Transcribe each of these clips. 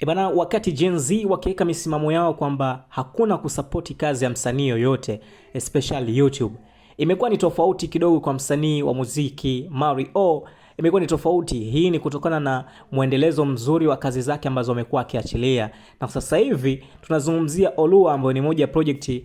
E bana, wakati Gen Z wakiweka misimamo yao kwamba hakuna kusapoti kazi ya msanii yoyote especially YouTube, imekuwa ni tofauti kidogo kwa msanii wa muziki Mario, imekuwa ni tofauti. Hii ni kutokana na mwendelezo mzuri wa kazi zake ambazo amekuwa akiachilia, na sasa hivi tunazungumzia Olua ambayo ni moja ya project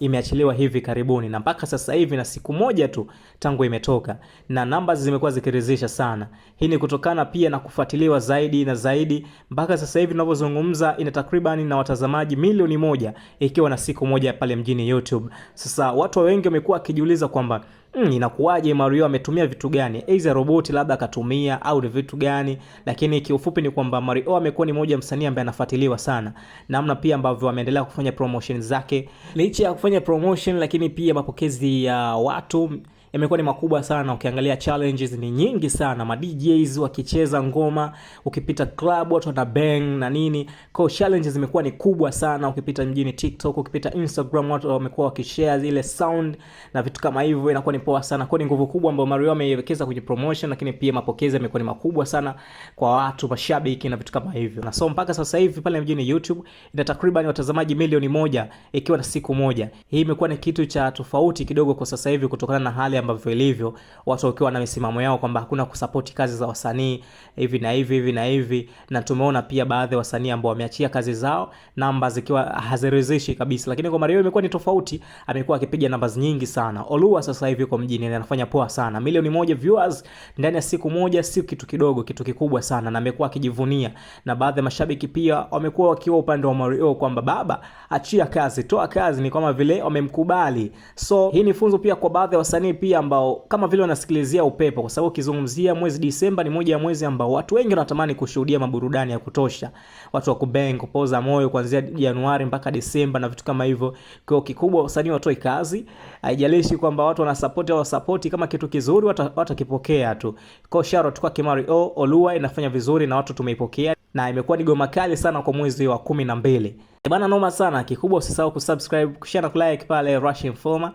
imeachiliwa hivi karibuni na mpaka sasa hivi na siku moja tu tangu imetoka, na namba zimekuwa zikiridhisha sana. Hii ni kutokana pia na kufuatiliwa zaidi na zaidi. Mpaka sasa hivi tunavyozungumza, ina takribani na watazamaji milioni moja ikiwa na siku moja pale mjini YouTube. Sasa watu wengi wamekuwa wakijiuliza kwamba mm, inakuwaje Mario ametumia vitu gani, aidha roboti labda akatumia au ni vitu gani, lakini kiufupi ni kwamba Mario amekuwa ni moja msanii ambaye anafuatiliwa sana, namna pia ambavyo ameendelea kufanya promotion zake licha ya kufanya promotion, lakini pia mapokezi ya watu yamekuwa ni makubwa sana. Ukiangalia challenges ni nyingi sana, ma DJs wakicheza ngoma, ukipita club watu wana bang na nini. Kwa hiyo challenges zimekuwa ni kubwa sana, ukipita mjini TikTok, ukipita Instagram watu wamekuwa wakishare zile sound na vitu kama hivyo, inakuwa ni poa sana. Kwa ni nguvu kubwa ambayo Mario ameiwekeza kwenye promotion, lakini pia mapokezi yamekuwa ni makubwa sana kwa watu, mashabiki na vitu kama hivyo. Na so mpaka sasa hivi pale mjini YouTube ina takriban watazamaji milioni moja ikiwa na siku moja. Hii imekuwa ni kitu cha tofauti kidogo kwa sasa hivi kutokana na hali ya ambavyo ilivyo, watu wakiwa na misimamo yao kwamba hakuna kusapoti kazi za wasanii hivi na hivi hivi na hivi, na tumeona pia baadhi ya wasanii ambao wameachia kazi zao, namba zikiwa haziridhishi kabisa. Lakini kwa Mario imekuwa ni tofauti, amekuwa akipiga namba nyingi sana. Olua sasa hivi yuko mjini anafanya poa sana, milioni moja viewers ndani ya siku moja, si kitu kidogo, kitu kikubwa sana, na amekuwa akijivunia, na baadhi ya mashabiki pia wamekuwa wakiwa upande wa Mario kwamba baba, achia kazi, toa kazi, ni kama vile wamemkubali. So hii ni funzo pia kwa baadhi ya wasanii pia ambao kama vile wanasikilizia upepo, kwa sababu ukizungumzia mwezi Disemba ni moja ya mwezi ambao watu wengi wanatamani kushuhudia maburudani ya kutosha, watu wa kubeng kupoza moyo kuanzia Januari mpaka Disemba na vitu kama hivyo. Kwa kikubwa wasanii watoe kazi, haijalishi kwamba watu wana support au support, kama kitu kizuri watakipokea tu. Kwa sharo tukwa Kimari o Olua inafanya vizuri na watu tumeipokea, na imekuwa ni goma kali sana kwa mwezi wa kumi na mbili. Bana, noma sana. Kikubwa usisahau kusubscribe, kushare na kulike pale Rush Informer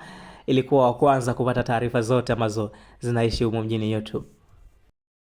ilikuwa wa kwanza kupata taarifa zote ambazo zinaishi humu mjini YouTube.